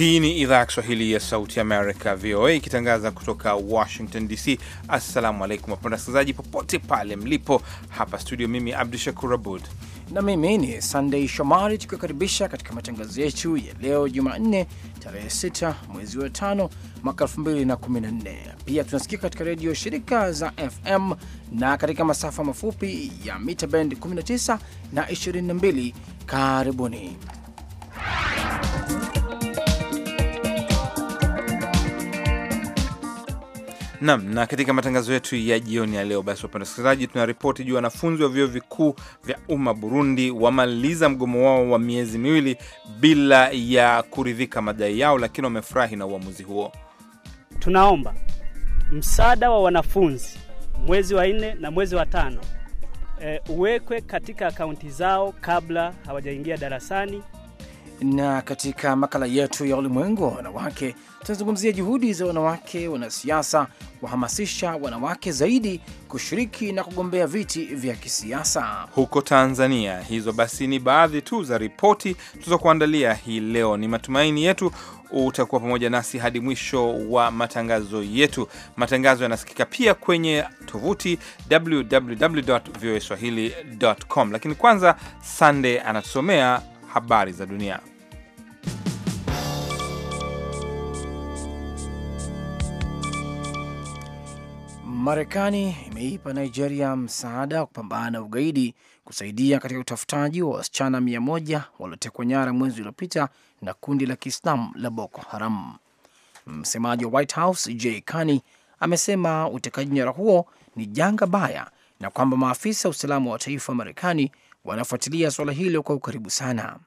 Hii ni idhaa ya Kiswahili ya Sauti Amerika, VOA, ikitangaza kutoka Washington DC. Assalamu alaikum wapenda wasikilizaji popote pale mlipo. Hapa studio, mimi Abdu Shakur Abud na mimi ni Sandei Shomari, tukiwakaribisha katika matangazo yetu ya leo Jumanne tarehe 6 mwezi wa tano mwaka 2014. Pia tunasikika katika redio shirika za FM na katika masafa mafupi ya mita bend 19 na 22. Karibuni Nam na katika matangazo yetu ya jioni ya leo, basi wapenda wasikilizaji, tuna ripoti juu ya wanafunzi wa vyuo vikuu vya umma Burundi wamaliza mgomo wao wa miezi miwili bila ya kuridhika madai yao, lakini wamefurahi na uamuzi huo. Tunaomba msaada wa wanafunzi mwezi wa nne na mwezi wa tano e, uwekwe katika akaunti zao kabla hawajaingia darasani na katika makala yetu ya ulimwengu wa wanawake tunazungumzia juhudi za wanawake wanasiasa kuhamasisha wanawake zaidi kushiriki na kugombea viti vya kisiasa huko Tanzania. Hizo basi ni baadhi tu za ripoti tulizokuandalia hii leo. Ni matumaini yetu utakuwa pamoja nasi hadi mwisho wa matangazo yetu. Matangazo yanasikika pia kwenye tovuti www lakini kwanza Sande anatusomea habari za dunia. Marekani imeipa Nigeria msaada wa kupambana na ugaidi kusaidia katika utafutaji wa wasichana mia moja waliotekwa nyara mwezi uliopita na kundi la Kiislamu la Boko Haram. Msemaji wa White House Jay Carney amesema utekaji nyara huo ni janga baya na kwamba maafisa usalama wa taifa wa Marekani wanafuatilia suala hilo kwa ukaribu sana.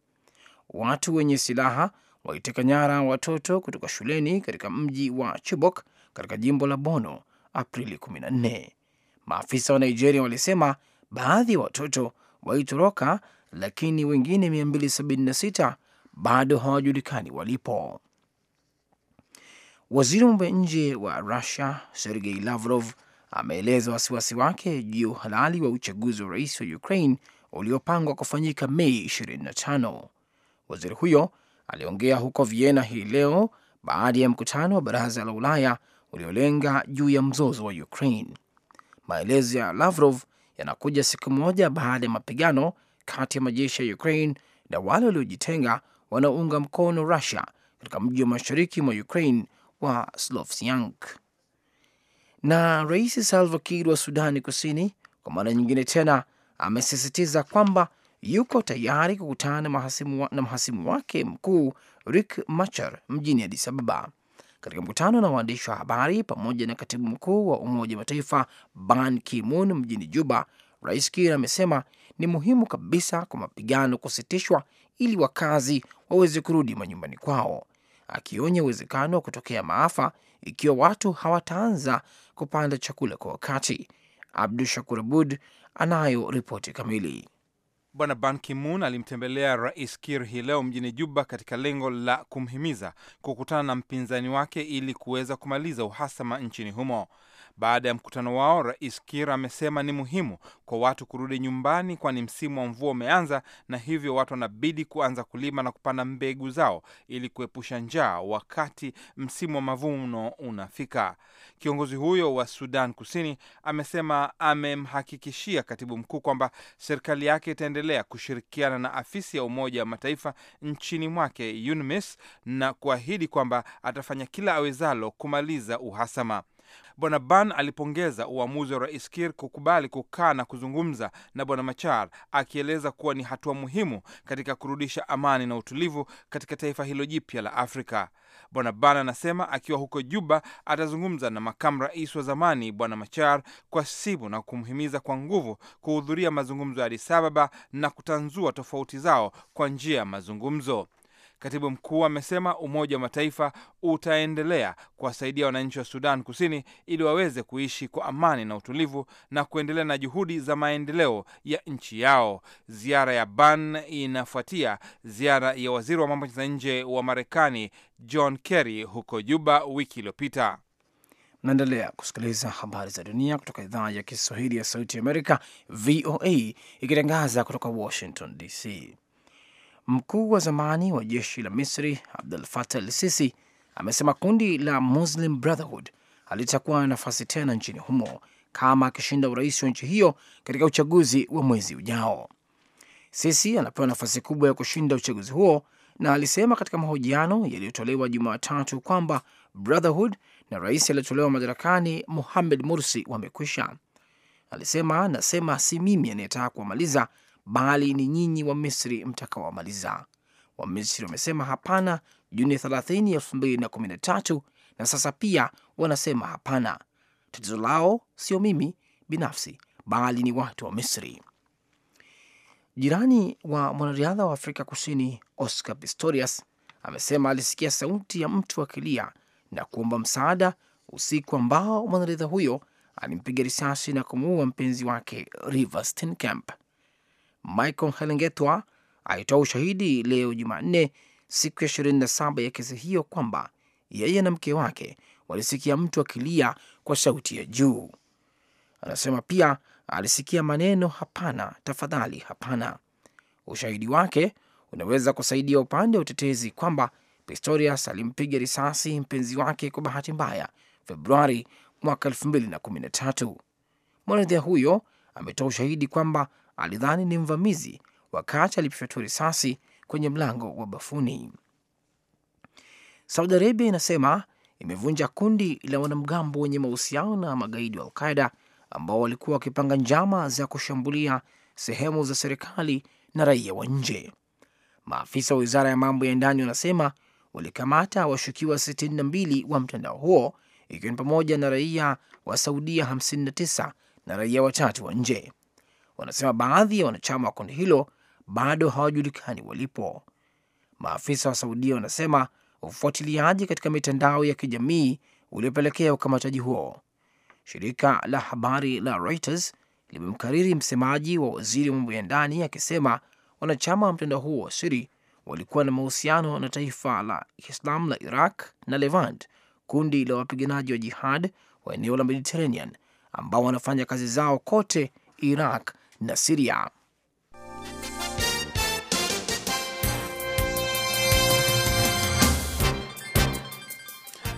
Watu wenye silaha waliteka nyara watoto kutoka shuleni katika mji wa Chibok katika jimbo la Bono Aprili 14. Maafisa wa Nigeria walisema baadhi ya watoto walitoroka, lakini wengine 276 bado hawajulikani walipo. Waziri wa mambo ya nje wa Russia Sergei Lavrov ameeleza wasiwasi wake juu ya uhalali wa uchaguzi wa rais wa Ukraine uliopangwa kufanyika Mei 25. Waziri huyo aliongea huko Vienna hii leo baada ya mkutano wa baraza la Ulaya uliolenga juu ya mzozo wa Ukraine. Maelezo ya Lavrov yanakuja siku moja baada ya mapigano kati ya majeshi ya Ukraine na wale waliojitenga wanaounga mkono Russia katika mji wa mashariki mwa Ukraine wa Slovyansk. Na Rais Salva Kiir wa Sudani Kusini kwa mara nyingine tena amesisitiza kwamba yuko tayari kukutana na mhasimu, wa, na mhasimu wake mkuu rik Machar mjini Addis Ababa katika mkutano na waandishi wa habari pamoja na katibu mkuu wa Umoja wa Mataifa Ban Ki-moon mjini Juba. Rais Kiir amesema ni muhimu kabisa kwa mapigano kusitishwa ili wakazi waweze kurudi manyumbani kwao, akionya uwezekano wa kutokea maafa ikiwa watu hawataanza kupanda chakula kwa wakati. Abdu Shakur Abud anayo ripoti kamili. Bwana Ban Ki-moon alimtembelea Rais kir hii leo mjini Juba katika lengo la kumhimiza kukutana na mpinzani wake ili kuweza kumaliza uhasama nchini humo. Baada ya mkutano wao, Rais Kir amesema ni muhimu kwa watu kurudi nyumbani, kwani msimu wa mvua umeanza na hivyo watu wanabidi kuanza kulima na kupanda mbegu zao ili kuepusha njaa wakati msimu wa mavuno unafika. Kiongozi huyo wa Sudan Kusini amesema amemhakikishia katibu mkuu kwamba serikali yake itaendelea kushirikiana na afisi ya Umoja wa Mataifa nchini mwake UNMISS na kuahidi kwamba atafanya kila awezalo kumaliza uhasama. Bwana Ban alipongeza uamuzi wa Rais Kir kukubali kukaa na kuzungumza na Bwana Machar, akieleza kuwa ni hatua muhimu katika kurudisha amani na utulivu katika taifa hilo jipya la Afrika. Bwana Ban anasema akiwa huko Juba atazungumza na makamu rais wa zamani Bwana Machar kwa simu na kumhimiza kwa nguvu kuhudhuria mazungumzo ya Addis Ababa na kutanzua tofauti zao kwa njia ya mazungumzo. Katibu mkuu amesema Umoja wa Mataifa utaendelea kuwasaidia wananchi wa Sudan Kusini ili waweze kuishi kwa amani na utulivu na kuendelea na juhudi za maendeleo ya nchi yao. Ziara ya Ban inafuatia ziara ya waziri wa mambo za nje wa Marekani John Kerry huko Juba wiki iliyopita. Naendelea kusikiliza habari za dunia kutoka idhaa ya Kiswahili ya Sauti ya Amerika, VOA, ikitangaza kutoka Washington DC. Mkuu wa zamani wa jeshi la Misri Abdul Fatah al Sisi amesema kundi la Muslim Brotherhood halitakuwa na nafasi tena nchini humo kama akishinda urais wa nchi hiyo katika uchaguzi wa mwezi ujao. Sisi anapewa nafasi kubwa ya kushinda uchaguzi huo, na alisema katika mahojiano yaliyotolewa Jumatatu kwamba Brotherhood na rais aliyetolewa madarakani muhamed Mursi wamekwisha. Alisema, nasema si mimi anayetaka kuwamaliza, bali ni nyinyi wa Misri mtakaowamaliza. Wamisri wamesema hapana Juni 30, 2013 na sasa pia wanasema hapana. Tatizo lao sio mimi binafsi, bali ni watu wa Misri. Jirani wa mwanariadha wa Afrika Kusini Oscar Pistorius amesema alisikia sauti ya mtu akilia na kuomba msaada usiku ambao mwanariadha huyo alimpiga risasi na kumuua mpenzi wake River Steenkamp. Michael Helengetwa alitoa ushahidi leo Jumanne, siku ya 27 ya kesi hiyo, kwamba yeye na mke wake walisikia mtu akilia kwa sauti ya juu. Anasema pia alisikia maneno hapana, tafadhali, hapana. Ushahidi wake unaweza kusaidia upande wa utetezi kwamba Pistorius alimpiga risasi mpenzi wake kwa bahati mbaya Februari mwaka Mwanadhia huyo ametoa ushahidi kwamba alidhani ni mvamizi wakati alipofyatua risasi kwenye mlango wa bafuni. Saudi Arabia inasema imevunja kundi la wanamgambo wenye mahusiano na magaidi wa Alqaida ambao walikuwa wakipanga njama za kushambulia sehemu za serikali na raia wa nje. Maafisa wa wizara ya mambo ya ndani wanasema walikamata washukiwa 62 wa mtandao huo ikiwa ni pamoja na raia wa Saudia 59 na raia watatu wa nje wanasema baadhi ya wanachama wa kundi hilo bado hawajulikani walipo. Maafisa wa Saudia wanasema ufuatiliaji katika mitandao ya kijamii uliopelekea ukamataji huo. Shirika la habari la Reuters limemkariri msemaji wa waziri wa mambo ya ndani akisema wanachama wa mtandao huo wa siri walikuwa na mahusiano na taifa la Islam la Iraq na Levant, kundi la wapiganaji wa jihad wa eneo la Mediterranean ambao wanafanya kazi zao kote Iraq na Siria.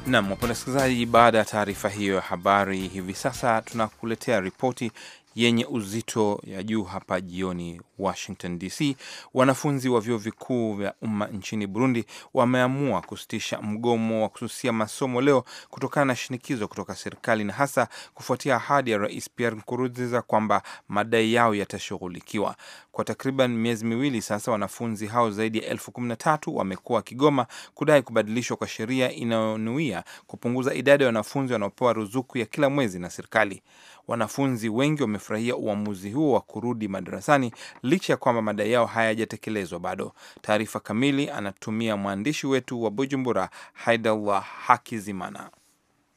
Nam wapenda wasikilizaji, baada ya taarifa hiyo ya habari, hivi sasa tunakuletea ripoti yenye uzito ya juu hapa jioni Washington DC. Wanafunzi wa vyuo vikuu vya umma nchini Burundi wameamua kusitisha mgomo wa kususia masomo leo kutokana na shinikizo kutoka serikali na hasa kufuatia ahadi ya Rais Pierre Nkurunziza kwamba madai yao yatashughulikiwa. Kwa takriban miezi miwili sasa, wanafunzi hao zaidi ya elfu kumi na tatu wamekuwa wakigoma kudai kubadilishwa kwa sheria inayonuia kupunguza idadi ya wanafunzi wanaopewa ruzuku ya kila mwezi na serikali. Wanafunzi wengi wamefurahia uamuzi huo wa kurudi madarasani licha ya kwamba madai yao hayajatekelezwa bado. Taarifa kamili anatumia mwandishi wetu wa Bujumbura, Haidallah Hakizimana.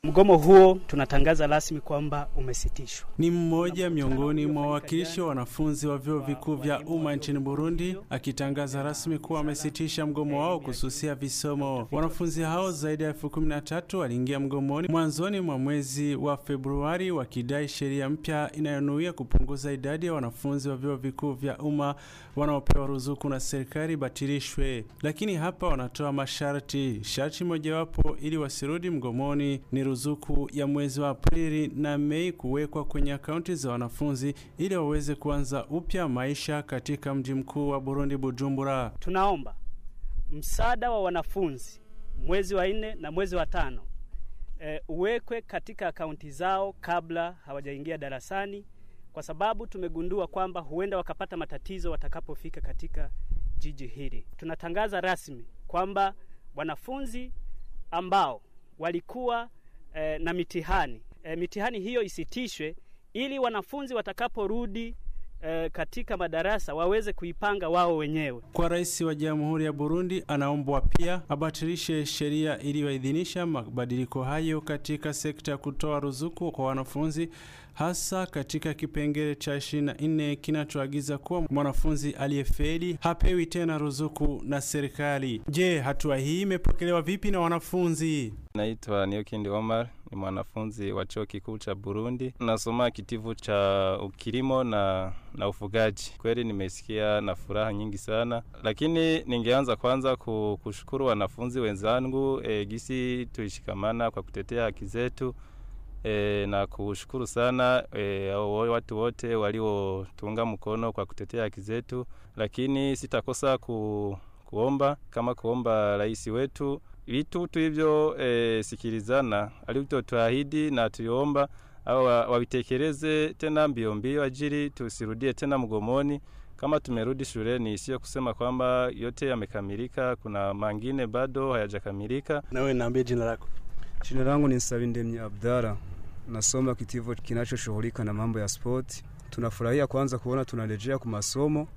Mgomo huo tunatangaza rasmi kwamba umesitishwa. Ni mmoja miongoni mwa wawakilishi wa wanafunzi wa vyuo vikuu vya umma nchini Burundi akitangaza rasmi kuwa wamesitisha mgomo wao kususia visomo. Wanafunzi hao zaidi ya elfu kumi na tatu waliingia mgomoni mwanzoni mwa mwezi wa Februari wakidai sheria mpya inayonuia kupunguza idadi ya wanafunzi wa vyuo vikuu vya umma wanaopewa ruzuku na serikali batilishwe, lakini hapa wanatoa masharti. Sharti mojawapo ili wasirudi mgomoni ni ruzuku ya mwezi wa Aprili na Mei kuwekwa kwenye akaunti za wanafunzi ili waweze kuanza upya maisha katika mji mkuu wa Burundi, Bujumbura. Tunaomba msaada wa wanafunzi mwezi wa nne na mwezi wa tano e, uwekwe katika akaunti zao kabla hawajaingia darasani, kwa sababu tumegundua kwamba huenda wakapata matatizo watakapofika katika jiji hili. Tunatangaza rasmi kwamba wanafunzi ambao walikuwa e, na mitihani e, mitihani hiyo isitishwe ili wanafunzi watakaporudi Eh, katika madarasa waweze kuipanga wao wenyewe. Kwa rais wa Jamhuri ya Burundi anaombwa pia abatilishe sheria iliyoidhinisha mabadiliko hayo katika sekta ya kutoa ruzuku kwa wanafunzi hasa katika kipengele cha 24 kinachoagiza kuwa mwanafunzi aliyefeli hapewi tena ruzuku na serikali. Je, hatua hii imepokelewa vipi na wanafunzi? Naitwa Niokindi Omar ni mwanafunzi wa chuo kikuu cha Burundi, nasoma kitivu cha ukilimo na, na ufugaji. Kweli nimesikia na furaha nyingi sana, lakini ningeanza kwanza kushukuru wanafunzi wenzangu e, gisi tulishikamana kwa kutetea haki zetu. E, na kushukuru sana e, watu wote waliotunga mkono kwa kutetea haki zetu, lakini sitakosa ku, kuomba kama kuomba rais wetu Vitu hivyo e, eh, sikilizana alivyo twahidi na tuomba au wavitekeleze tena mbio mbio ajili tusirudie tena mgomoni kama tumerudi shuleni sio kusema kwamba yote yamekamilika kuna mangine bado hayajakamilika nawe niambie jina lako jina langu ni Nsabindemye Abdara nasoma kitivo kinachoshughulika na mambo ya sport tunafurahia kwanza kuona tunarejea kumasomo masomo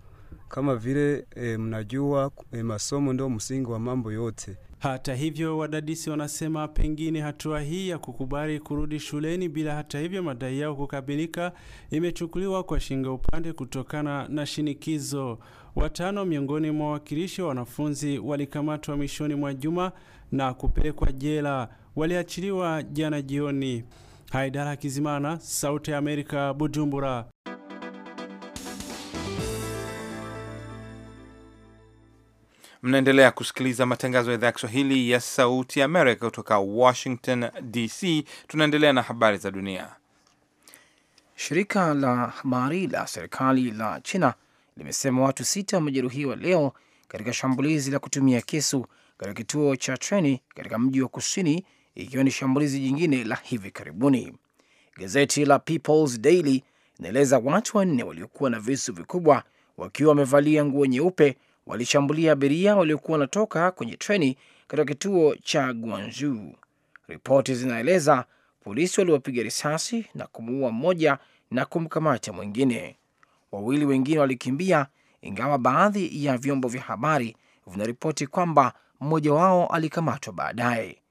kama vile e, mnajua e, masomo ndio msingi wa mambo yote hata hivyo, wadadisi wanasema pengine hatua hii ya kukubali kurudi shuleni bila hata hivyo madai yao kukabilika imechukuliwa kwa shinga upande kutokana na shinikizo. Watano miongoni mwa wawakilishi wa wanafunzi walikamatwa mwishoni mwa juma na kupelekwa jela, waliachiliwa jana jioni. Haidara Kizimana, Sauti ya Amerika, Bujumbura. Mnaendelea kusikiliza matangazo ya idhaa ya Kiswahili ya Sauti ya Amerika kutoka Washington DC. Tunaendelea na habari za dunia. Shirika la habari la serikali la China limesema watu sita wamejeruhiwa leo katika shambulizi la kutumia kisu katika kituo cha treni katika mji wa kusini, ikiwa ni shambulizi jingine la hivi karibuni. Gazeti la People's Daily inaeleza watu wanne waliokuwa na visu vikubwa wakiwa wamevalia nguo nyeupe walishambulia abiria waliokuwa wanatoka kwenye treni katika kituo cha Guangzhou. Ripoti zinaeleza polisi waliwapiga risasi na kumuua mmoja na kumkamata mwingine. Wawili wengine walikimbia, ingawa baadhi ya vyombo vya habari vinaripoti kwamba mmoja wao alikamatwa baadaye.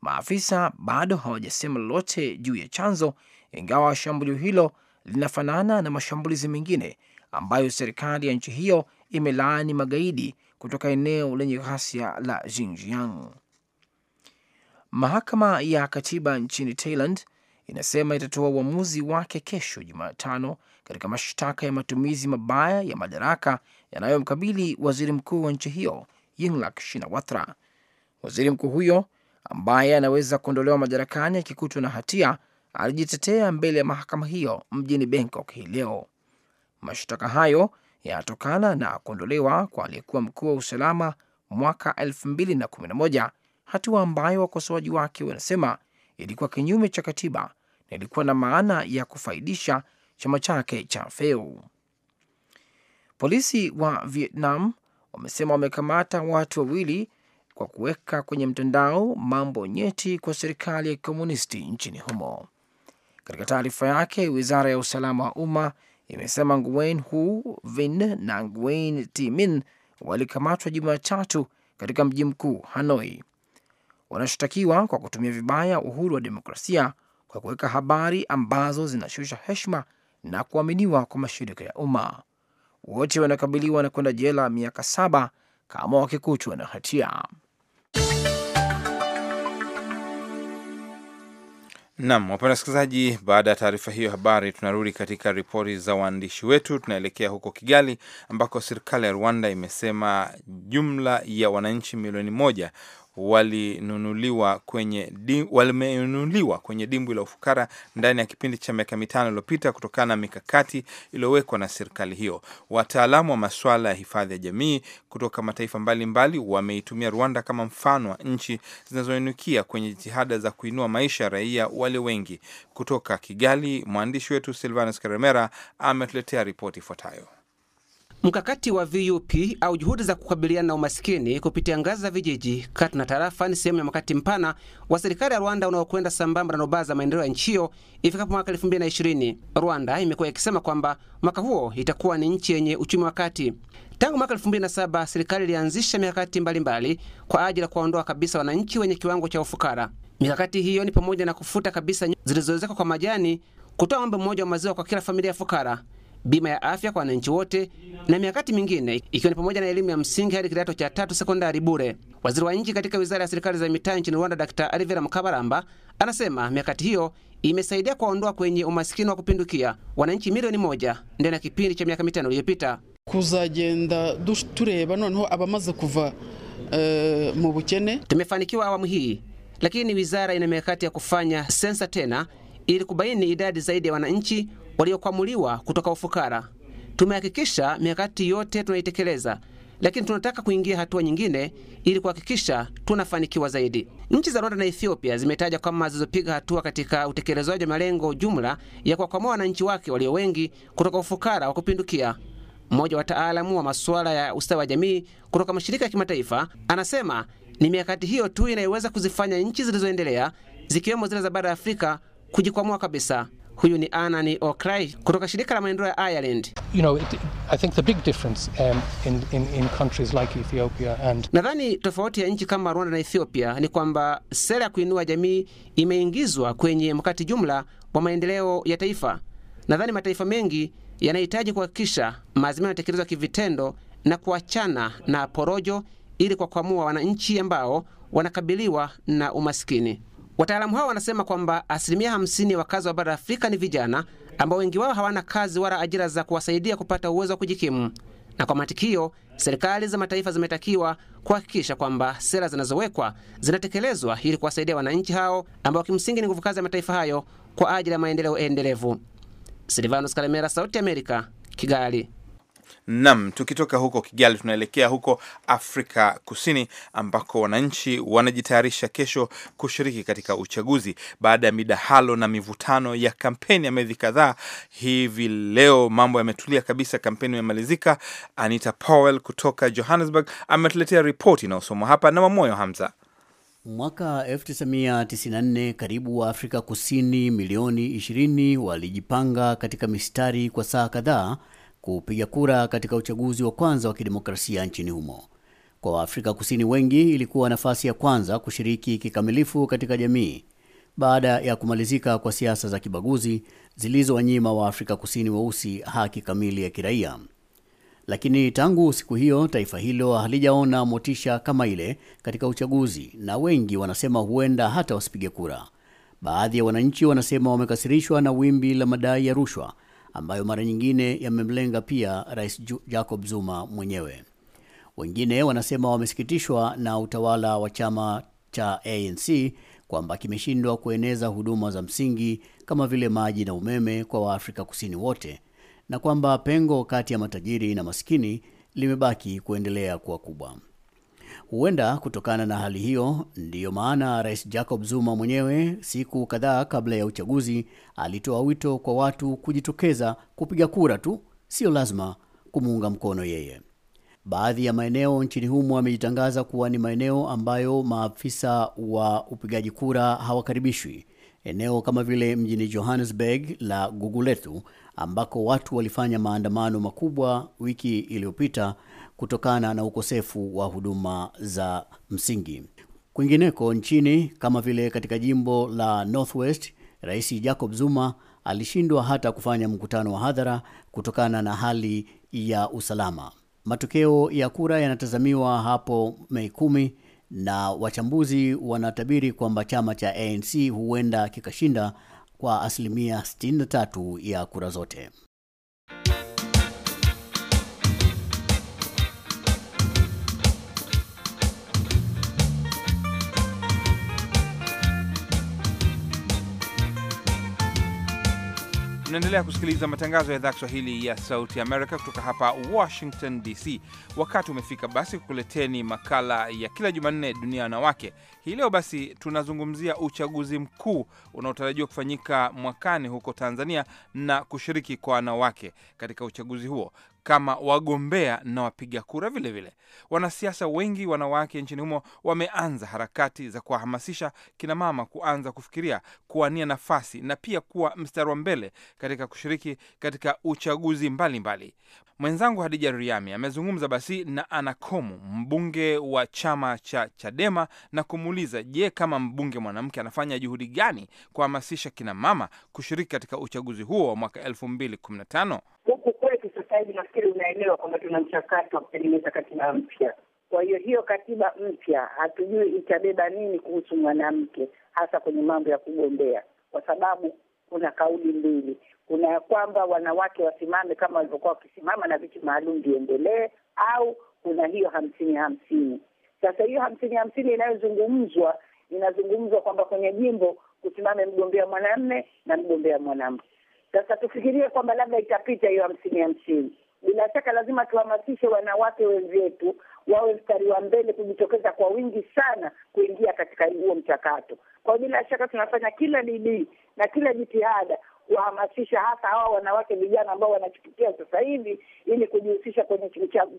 Maafisa bado hawajasema lolote juu ya chanzo, ingawa shambulio hilo linafanana na mashambulizi mengine ambayo serikali ya nchi hiyo imelaani magaidi kutoka eneo lenye ghasia la Xinjiang. Mahakama ya katiba nchini Thailand inasema itatoa uamuzi wake kesho Jumatano katika mashtaka ya matumizi mabaya ya madaraka yanayomkabili waziri mkuu wa nchi hiyo Yingluck Shinawatra. Waziri mkuu huyo ambaye anaweza kuondolewa madarakani akikutwa na hatia alijitetea mbele ya mahakama hiyo mjini Bangkok hii leo. Mashtaka hayo yanatokana na kuondolewa kwa aliyekuwa mkuu wa usalama mwaka 2011, hatua ambayo wakosoaji wake wanasema ilikuwa kinyume cha katiba na ilikuwa na maana ya kufaidisha chama chake cha Feu. Polisi wa Vietnam wamesema wamekamata watu wawili kwa kuweka kwenye mtandao mambo nyeti kwa serikali ya kikomunisti nchini humo. Katika taarifa yake, wizara ya usalama wa umma imesema Nguyen Hu Vin na Nguyen ti Min walikamatwa Jumatatu katika mji mkuu Hanoi. Wanashtakiwa kwa kutumia vibaya uhuru wa demokrasia kwa kuweka habari ambazo zinashusha heshima na kuaminiwa kwa mashirika ya umma. Wote wanakabiliwa na kwenda jela miaka saba kama wakikutwa na hatia. Nam, wapenda wasikilizaji, baada ya taarifa hiyo habari, tunarudi katika ripoti za waandishi wetu. Tunaelekea huko Kigali ambako serikali ya Rwanda imesema jumla ya wananchi milioni moja walinunuliwa kwenye walimenunuliwa kwenye dimbwi la ufukara ndani ya kipindi cha miaka mitano iliyopita kutokana na mikakati iliyowekwa na serikali hiyo. Wataalamu wa masuala ya hifadhi ya jamii kutoka mataifa mbalimbali wameitumia Rwanda kama mfano wa nchi zinazoinukia kwenye jitihada za kuinua maisha ya raia wale wengi. Kutoka Kigali, mwandishi wetu Silvanus Karemera ametuletea ripoti ifuatayo. Mkakati wa VUP au juhudi za kukabiliana na umasikini kupitia ngazi za vijiji, kata na tarafa ni sehemu ya mkakati mpana wa serikali ya Rwanda unaokwenda sambamba na nobaa za maendeleo ya nchi hiyo ifikapo mwaka 2020. Rwanda imekuwa ikisema kwamba mwaka huo itakuwa ni nchi yenye uchumi wa kati. Tangu mwaka 2007 serikali ilianzisha mikakati mbalimbali kwa ajili ya kuwaondoa kabisa wananchi wenye kiwango cha ufukara. Mikakati hiyo ni pamoja na kufuta kabisa zilizoezekwa kwa majani, kutoa ng'ombe mmoja wa maziwa kwa kila familia ya fukara bima ya afya kwa wananchi wote na miakati mingine ikiwa ni pamoja na elimu ya msingi hadi kidato cha tatu sekondari bure. Waziri wa nchi katika wizara ya serikali za mitaa nchini Rwanda, Dr. Alivera Mukabaramba, anasema miakati hiyo imesaidia kuwaondoa kwenye umasikini wa kupindukia wananchi milioni moja ndani ya kipindi cha miaka mitano iliyopita. kuzagenda tureba noneho abamaze kuva uh, mu bukene. Tumefanikiwa awamu hii, lakini wizara ina miakati ya kufanya sensa tena ili kubaini idadi zaidi ya wananchi waliokwamuliwa kutoka ufukara. Tumehakikisha mikakati yote tunaitekeleza, lakini tunataka kuingia hatua nyingine ili kuhakikisha tunafanikiwa zaidi. Nchi za Rwanda na Ethiopia zimetaja kwamba zilizopiga hatua katika utekelezaji wa malengo jumla ya kuwakwamua wananchi wake walio wengi kutoka ufukara wa kupindukia. Mmoja wa wataalamu wa masuala ya ustawi wa jamii kutoka mashirika ya kimataifa anasema ni mikakati hiyo tu inayoweza kuzifanya nchi zilizoendelea zikiwemo zile za bara ya Afrika kujikwamua kabisa. Huyu ni Anani Okrai kutoka shirika la maendeleo ya Ireland. You know, I think the big difference um, in, in, in countries like Ethiopia and... Nadhani tofauti ya nchi kama Rwanda na Ethiopia ni kwamba sera ya kuinua jamii imeingizwa kwenye mkakati jumla wa maendeleo ya taifa. Nadhani mataifa mengi yanahitaji kuhakikisha maazimio yanatekelezwa kivitendo na kuachana na porojo ili kuwakwamua wananchi ambao wanakabiliwa na umaskini. Wataalamu hao wanasema kwamba asilimia hamsini ya wakazi wa bara la Afrika ni vijana ambao wengi wao hawana kazi wala ajira za kuwasaidia kupata uwezo wa kujikimu, na kwa matikio, serikali za mataifa zimetakiwa kuhakikisha kwamba sera zinazowekwa zinatekelezwa ili kuwasaidia wananchi hao ambao kimsingi ni nguvu kazi ya mataifa hayo kwa ajili ya maendeleo endelevu. Silvanus Kalemera, Sauti ya Amerika, Kigali. Nam, tukitoka huko Kigali tunaelekea huko Afrika Kusini ambako wananchi wanajitayarisha kesho kushiriki katika uchaguzi baada ya midahalo na mivutano ya kampeni ya miezi kadhaa. Hivi leo mambo yametulia kabisa, kampeni imemalizika. Anita Powell kutoka Johannesburg ametuletea ripoti inayosomwa hapa na Mamoyo Hamza. Mwaka 1994 karibu wa Afrika Kusini milioni 20 walijipanga katika mistari kwa saa kadhaa kupiga kura katika uchaguzi wa kwanza wa kidemokrasia nchini humo. Kwa Waafrika Kusini wengi ilikuwa nafasi ya kwanza kushiriki kikamilifu katika jamii baada ya kumalizika kwa siasa za kibaguzi zilizowanyima Waafrika Kusini weusi wa haki kamili ya kiraia. Lakini tangu siku hiyo taifa hilo halijaona motisha kama ile katika uchaguzi, na wengi wanasema huenda hata wasipige kura. Baadhi ya wananchi wanasema wamekasirishwa na wimbi la madai ya rushwa ambayo mara nyingine yamemlenga pia Rais Jacob Zuma mwenyewe. Wengine wanasema wamesikitishwa na utawala wa chama cha ANC kwamba kimeshindwa kueneza huduma za msingi kama vile maji na umeme kwa Waafrika Kusini wote na kwamba pengo kati ya matajiri na maskini limebaki kuendelea kuwa kubwa. Huenda kutokana na hali hiyo, ndiyo maana Rais Jacob Zuma mwenyewe siku kadhaa kabla ya uchaguzi alitoa wito kwa watu kujitokeza kupiga kura tu, sio lazima kumuunga mkono yeye. Baadhi ya maeneo nchini humo amejitangaza kuwa ni maeneo ambayo maafisa wa upigaji kura hawakaribishwi, eneo kama vile mjini Johannesburg la Guguletu ambako watu walifanya maandamano makubwa wiki iliyopita kutokana na ukosefu wa huduma za msingi. Kwingineko nchini kama vile katika jimbo la Northwest, Rais Jacob Zuma alishindwa hata kufanya mkutano wa hadhara kutokana na hali ya usalama. Matokeo ya kura yanatazamiwa hapo Mei kumi na wachambuzi wanatabiri kwamba chama cha ANC huenda kikashinda kwa asilimia 63 ya kura zote. Unaendelea kusikiliza matangazo ya idhaa Kiswahili ya Sauti Amerika kutoka hapa Washington DC. Wakati umefika basi kukuleteni makala ya kila Jumanne, Dunia ya Wanawake. Hii leo basi tunazungumzia uchaguzi mkuu unaotarajiwa kufanyika mwakani huko Tanzania na kushiriki kwa wanawake katika uchaguzi huo kama wagombea na wapiga kura vilevile vile. Wanasiasa wengi wanawake nchini humo wameanza harakati za kuwahamasisha kinamama kuanza kufikiria kuwania nafasi na pia kuwa mstari wa mbele katika kushiriki katika uchaguzi mbalimbali mbali. Mwenzangu Hadija Riami amezungumza basi na Anakomu, mbunge wa chama cha Chadema, na kumuuliza je, kama mbunge mwanamke anafanya juhudi gani kuhamasisha kinamama kushiriki katika uchaguzi huo wa mwaka elfu mbili kumi na tano huku sasa hivi nafikiri unaelewa kwamba tuna mchakato wa kutengeneza katiba mpya. Kwa hiyo hiyo katiba mpya hatujui itabeba nini kuhusu mwanamke, hasa kwenye mambo ya kugombea, kwa sababu kuna kauli mbili. Kuna ya kwamba wanawake wasimame kama walivyokuwa wakisimama na viti maalum viendelee, au kuna hiyo hamsini hamsini. Sasa hiyo hamsini hamsini inayozungumzwa inazungumzwa kwamba kwenye jimbo kusimame mgombea mwanamme na mgombea mwanamke. Sasa tufikirie kwamba labda itapita hiyo hamsini hamsini. Bila shaka lazima tuhamasishe wanawake wenzetu wawe mstari wa mbele kujitokeza kwa wingi sana kuingia katika huo mchakato. Kwa hiyo bila shaka tunafanya kila bidii na kila jitihada kuwahamasisha hasa hawa wanawake vijana ambao wanachipukia sasa hivi ili kujihusisha kwenye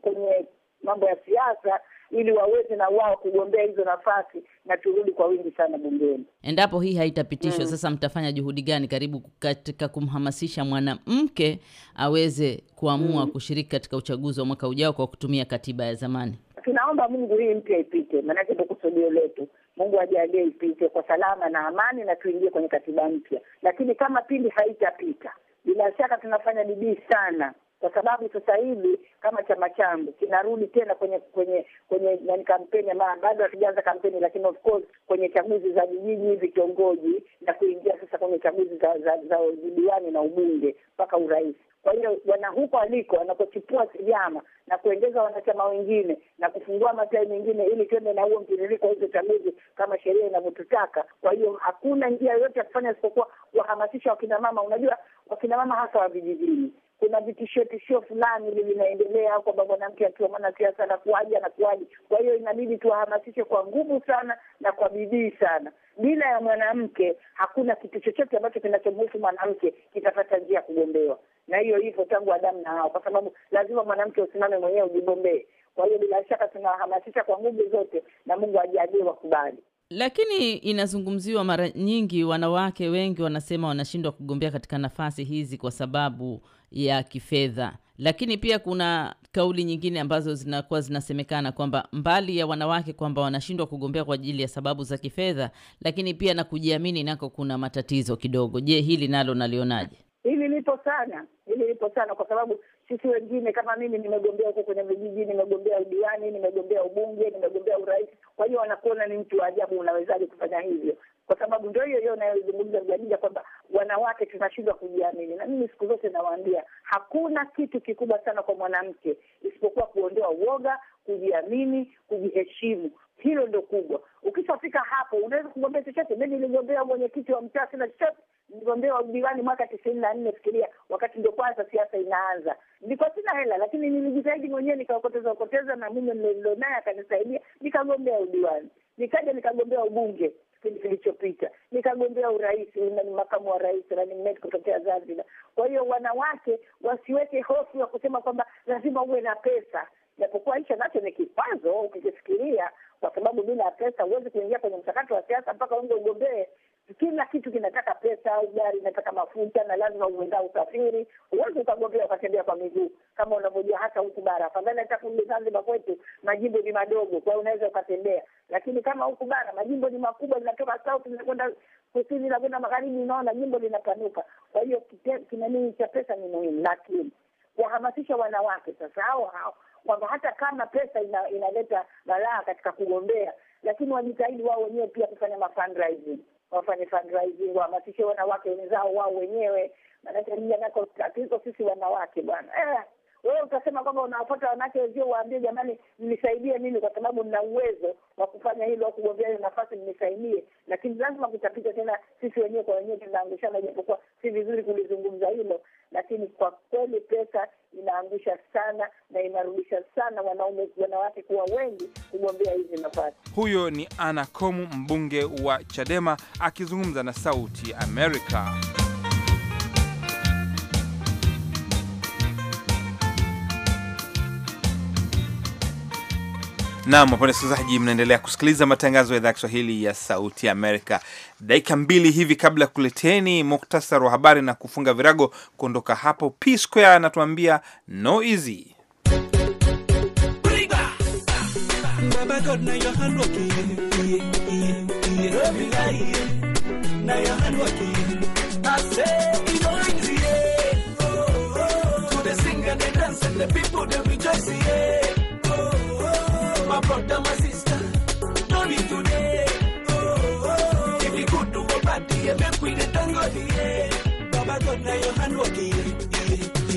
kwenye mambo ya siasa ili waweze na wao kugombea hizo nafasi na turudi kwa wingi sana bungeni. Endapo hii haitapitishwa, mm, sasa mtafanya juhudi gani karibu katika kumhamasisha mwanamke aweze kuamua mm, kushiriki katika uchaguzi wa mwaka ujao kwa kutumia katiba ya zamani? Tunaomba Mungu hii mpya ipite, maanake ndio kusudio letu. Mungu ajalie ipite kwa salama na amani, na tuingie kwenye katiba mpya. Lakini kama pindi haitapita, bila shaka tunafanya bidii sana kwa sababu sasa hivi kama chama changu kinarudi tena kwenye kwenye kwenye yani kampeni ambayo bado hatujaanza kampeni, lakini of course kwenye chaguzi za vijiji, vitongoji na kuingia sasa kwenye chaguzi za za, za udiwani na ubunge mpaka urais. Kwa hiyo wana huko aliko anakochipua vyama na kuongeza wanachama wengine na kufungua matai mengine, ili tuende na huo mtiririko wa hizo chaguzi kama sheria inavyotutaka. Kwa hiyo hakuna njia yoyote ya kufanya isipokuwa kuwahamasisha wakinamama, unajua wakinamama hasa wa vijijini kuna vitishio tishio fulani hivi vinaendelea kwamba mwanamke akiwa mwanasiasa anakuaje, anakuaje. Kwa hiyo inabidi tuwahamasishe kwa nguvu sana na kwa bidii sana. Bila ya mwanamke hakuna kitu chochote ambacho kinachomhusu mwanamke kitapata njia ya kugombewa, na hiyo ipo tangu Adamu na Hawa, kwa sababu lazima mwanamke usimame mwenyewe ujigombee. Kwa hiyo bila shaka tunawahamasisha kwa nguvu zote, na Mungu ajalie wakubali. Lakini inazungumziwa mara nyingi, wanawake wengi wanasema wanashindwa kugombea katika nafasi hizi kwa sababu ya kifedha. Lakini pia kuna kauli nyingine ambazo zinakuwa zinasemekana kwamba mbali ya wanawake kwamba wanashindwa kugombea kwa ajili ya sababu za kifedha, lakini pia na kujiamini nako kuna matatizo kidogo. Je, hili nalo nalionaje? Hili lipo sana, hili lipo sana kwa sababu sisi wengine kama mimi nimegombea huko kwenye vijiji, nimegombea udiwani, nimegombea ubunge, nimegombea urais. Kwa hiyo wanakuona ni mtu wa ajabu, unawezaje kufanya hivyo? Kwa sababu ndio hiyo hiyo unayoizungumza Mjadija, kwamba wanawake tunashindwa kujiamini, na mimi siku zote nawaambia hakuna kitu kikubwa sana kwa mwanamke isipokuwa kuondoa uoga, kujiamini, kujiheshimu. Hilo ndo kubwa. Ukishafika hapo, unaweza kugombea chochote. Mi niligombea mwenyekiti wa mtaa, sina chochote. Niligombea udiwani mwaka tisini na nne, fikiria, wakati ndo kwanza siasa inaanza. Nilikuwa sina hela, lakini nilijitahidi mwenyewe, nikaokoteza okoteza, na mume nilionaye akanisaidia, nikagombea udiwani, nikaja nikagombea ubunge kipindi kilichopita, nikagombea urais na ni makamu wa rais na ni kutokea Zanzibar. Kwa hiyo wanawake wasiweke hofu ya kusema kwamba lazima uwe na pesa, japokuwa hicho nacho ni kikwazo ukikifikiria, kwa sababu bila pesa huwezi kuingia kwenye mchakato wa siasa mpaka uende ugombee. Kila kitu kinataka pesa, au gari inataka mafuta na lazima uenda usafiri. Huwezi ukagombea ukatembea kwa miguu kama unavyojua, hata huku bara. Afadhali hata kule Zanzibar kwetu majimbo ni madogo, kwa hiyo unaweza ukatembea lakini kama huku bara majimbo ni makubwa, linatoka south linakwenda kusini, linakwenda magharibi, unaona jimbo linapanuka. Kwa hiyo kinanii cha pesa ni muhimu, lakini wahamasisha wanawake sasa hao hao kwamba hata kama pesa ina, inaleta balaa katika kugombea, lakini wajitahidi wao wenyewe pia kufanya mafundraising, wafanye fundraising, wahamasishe wanawake wenzao wao wenyewe, maanake tatizo sisi wanawake bwana eh. Wewe utasema kwamba unawapata wanawake wenzio, waambie jamani, mnisaidie mimi kwa sababu nina uwezo wa kufanya hilo, au kugombea hiyo nafasi, mnisaidie. Lakini lazima kutapita tena, sisi wenyewe kwa wenyewe tunaangushana, ijapokuwa si vizuri kulizungumza hilo, lakini kwa kweli pesa inaangusha sana na inarudisha sana wanaume wanawake kuwa wengi kugombea hizi nafasi. Huyo ni Ana Komu, mbunge wa Chadema akizungumza na Sauti Amerika. Naam, wapenda wasikilizaji, mnaendelea kusikiliza matangazo ya idhaa ya Kiswahili ya Sauti ya Amerika. Dakika mbili hivi kabla ya kuleteni muktasari wa habari na kufunga virago kuondoka hapo, P Square anatuambia no easy my brother, my sister. No need today. Oh, oh. If we could do a party, make we the tango yeah. Baba God, now your hand work yeah,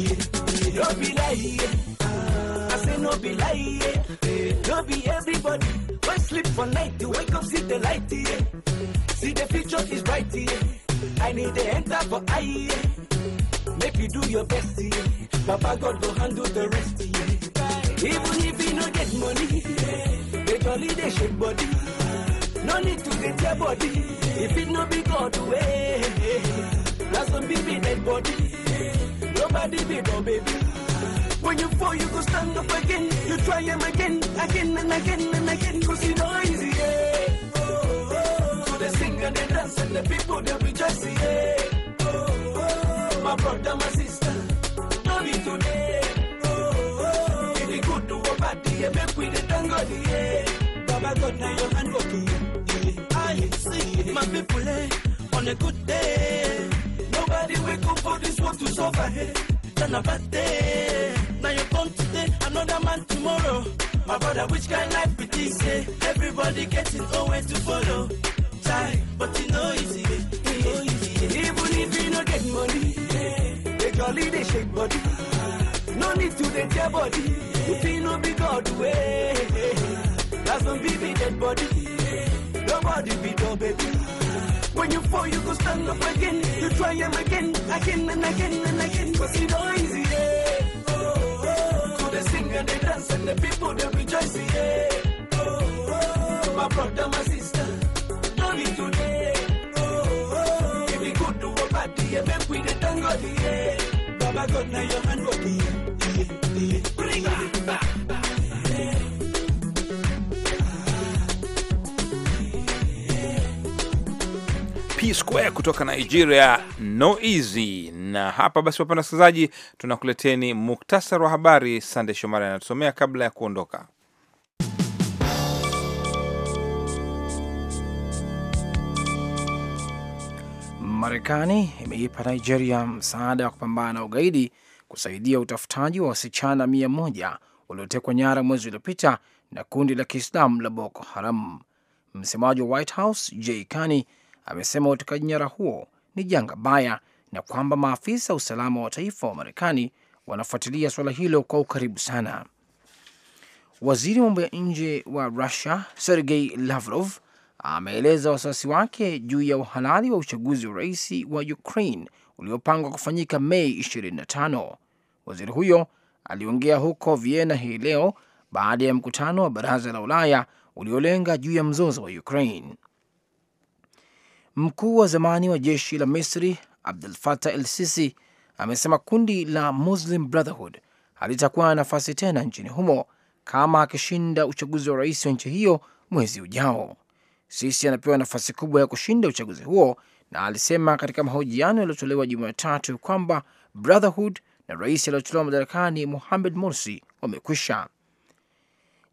yeah, No be lie, I say no be lie, yeah. No be everybody. Why sleep for night? You wake up, see the light, See the future is bright, I need the enter for I, yeah. Make you do your best, Papa God go handle the rest, yeah. Even if you no get money, they jolly they shape body. No need to get your body. If it no be God way, that's gonna dead body. Nobody be no baby. When you fall, you go stand up again. You try them again, again and again and again. Cause you know easy, yeah. Oh, oh. So oh. they sing and they dance and the people they rejoice, yeah. Oh, oh. oh. My brother, my sister, love you today make we dey thank yeah. Baba God, now your hand working, yeah. I see my people, eh, on a good day. Nobody wake up for this world to suffer, hey. Eh. Then a bad day. Now you come today, another man tomorrow. My brother, which kind life be this, eh? Everybody getting nowhere to follow. Try, but you know easy, eh. eh. Even if you no get money, yeah. they it they shake body. No need to, they tear body. If he no be God way, eh. that's some be dead body. Nobody be no baby. When you fall, you go stand up again. You try him again, again and again and again. Cause it no easy, yeah. Oh, oh, oh. So they sing and they dance and the people they rejoice, yeah. Oh, oh, oh. My brother, my sister, don't be today. Eh. Oh, oh. If we go to a party, yeah, make we the tango, yeah. Baba God, now your hand, yeah. yeah. yeah. Bring it. Square kutoka Nigeria, no easy. Na hapa basi, wapenda wasikilizaji, tunakuleteni muktasari wa habari. Sande Shomari anatusomea kabla ya kuondoka. Marekani imeipa Nigeria msaada wa kupambana na ugaidi kusaidia utafutaji wa wasichana mia moja waliotekwa nyara mwezi uliopita na kundi la Kiislamu la Boko Haram. Msemaji wa White House Jay kani amesema utekaji nyara huo ni janga baya na kwamba maafisa usalama wa taifa wa Marekani wanafuatilia suala hilo kwa ukaribu sana. Waziri wa mambo ya nje wa Russia Sergei Lavrov ameeleza wasiwasi wake juu ya uhalali wa uchaguzi wa rais wa Ukraine uliopangwa kufanyika Mei 25. Waziri huyo aliongea huko Vienna hii leo baada ya mkutano wa baraza la Ulaya uliolenga juu ya mzozo wa Ukraine. Mkuu wa zamani wa jeshi la Misri Abdul Fatah El Sisi amesema kundi la Muslim Brotherhood halitakuwa na nafasi tena nchini humo kama akishinda uchaguzi wa rais wa nchi hiyo mwezi ujao. Sisi anapewa nafasi kubwa ya kushinda uchaguzi huo, na alisema katika mahojiano yaliyotolewa Jumatatu kwamba Brotherhood na rais aliyotolewa madarakani Mohamed Morsi wamekwisha.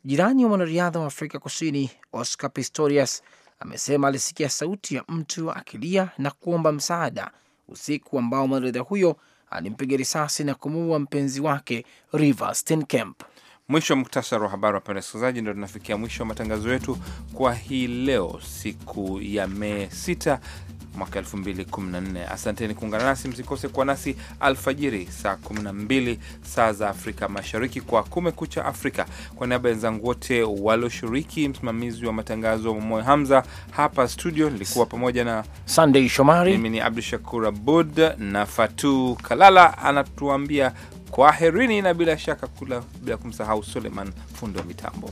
Jirani wa mwanariadha wa Afrika Kusini Oscar Pistorius amesema alisikia sauti ya mtu akilia na kuomba msaada usiku ambao mwanariadha huyo alimpiga risasi na kumuua mpenzi wake Reeva Steenkamp. Mwisho wa muktasari wa habari. Wapenda wasikilizaji, ndio tunafikia mwisho wa matangazo yetu kwa hii leo, siku ya Mei 6 mwaka 2014. Asanteni kuungana nasi, msikose kuwa nasi alfajiri saa 12 saa za Afrika Mashariki kwa Kumekucha Afrika. Kwa niaba ya wenzangu wote walioshiriki, msimamizi wa matangazo Momoyo Hamza hapa studio, nilikuwa pamoja na Sunday Shomari, mimi ni Abdu Shakur Abud na Fatu Kalala anatuambia kwa herini na bila shaka kula bila kumsahau Suleiman fundi wa mitambo.